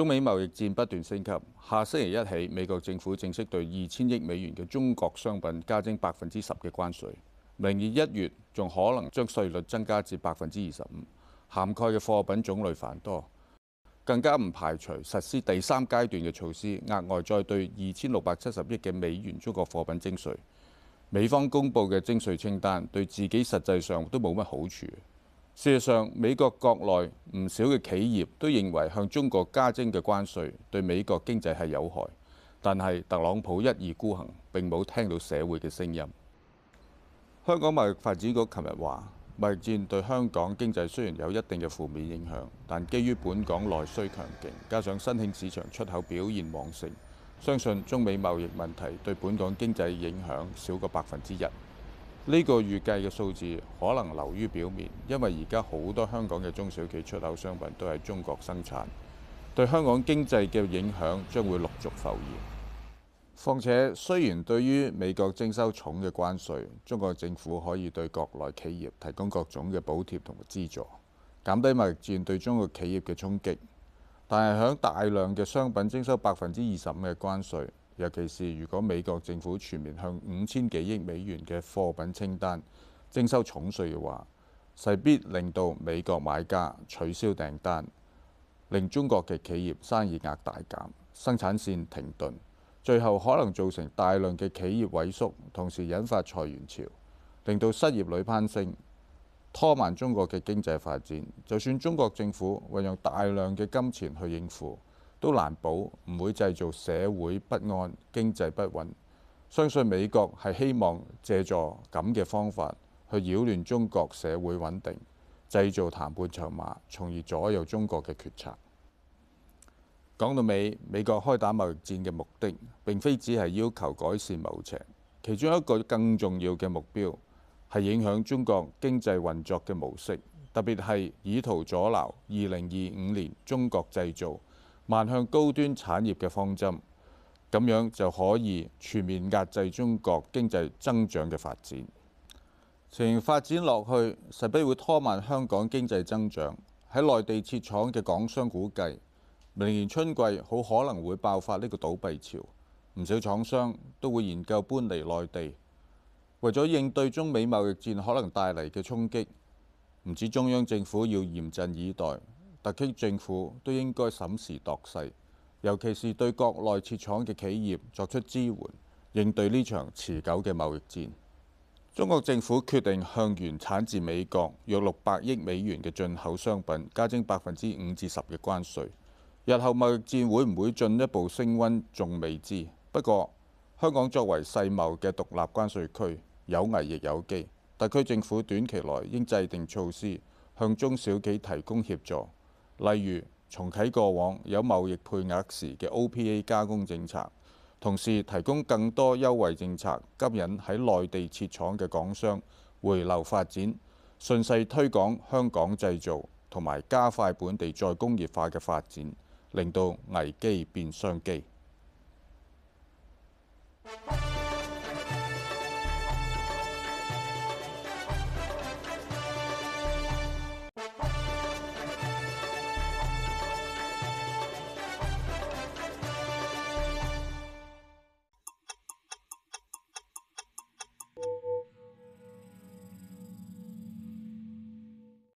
中美貿易戰不斷升級，下星期一起，美國政府正式對二千億美元嘅中國商品加徵百分之十嘅關稅，明年一月仲可能將稅率增加至百分之二十五，涵蓋嘅貨品種類繁多，更加唔排除實施第三階段嘅措施，額外再對二千六百七十億嘅美元中國貨品徵稅。美方公布嘅徵稅清單，對自己實際上都冇乜好處。事實上，美國國內唔少嘅企業都認為向中國加徵嘅關稅對美國經濟係有害，但係特朗普一意孤行，並冇聽到社會嘅聲音。香港貿易發展局琴日話，貿易戰對香港經濟雖然有一定嘅負面影響，但基於本港內需強勁，加上新興市場出口表現旺盛，相信中美貿易問題對本港經濟影響少過百分之一。呢個預計嘅數字可能流於表面，因為而家好多香港嘅中小企出口商品都係中國生產，對香港經濟嘅影響將會陸續浮現。況且，雖然對於美國徵收重嘅關稅，中國政府可以對國內企業提供各種嘅補貼同埋資助，減低貿易戰對中國企業嘅衝擊，但係響大量嘅商品徵收百分之二十五嘅關稅。尤其是如果美國政府全面向五千幾億美元嘅貨品清單徵收重稅嘅話，勢必令到美國買家取消訂單，令中國嘅企業生意額大減，生產線停頓，最後可能造成大量嘅企業萎縮，同時引發裁員潮，令到失業率攀升，拖慢中國嘅經濟發展。就算中國政府運用大量嘅金錢去應付。都難保唔會製造社會不安，經濟不穩，相信美國係希望借助咁嘅方法去擾亂中國社會穩定，製造談判籌碼，從而左右中國嘅決策。講到尾美國開打貿易戰嘅目的，並非只係要求改善貿赤，其中一個更重要嘅目標，係影響中國經濟運作嘅模式，特別係以圖阻撓二零二五年中國製造。邁向高端產業嘅方針，咁樣就可以全面壓制中國經濟增長嘅發展。前發展落去，勢必會拖慢香港經濟增長。喺內地設廠嘅港商估計，明年春季好可能會爆發呢個倒閉潮，唔少廠商都會研究搬離內地。為咗應對中美貿易戰可能帶嚟嘅衝擊，唔止中央政府要嚴陣以待。特區政府都應該審時度勢，尤其是對國內設廠嘅企業作出支援，應對呢場持久嘅貿易戰。中國政府決定向原產自美國約六百億美元嘅進口商品加徵百分之五至十嘅關稅。日後貿易戰會唔會進一步升溫，仲未知。不過，香港作為世貿嘅獨立關稅區，有危亦有機。特區政府短期內應制定措施，向中小企提供協助。例如，重啟過往有貿易配額時嘅 OPA 加工政策，同時提供更多優惠政策，吸引喺內地設廠嘅港商回流發展，順勢推廣香港製造，同埋加快本地再工業化嘅發展，令到危機變商機。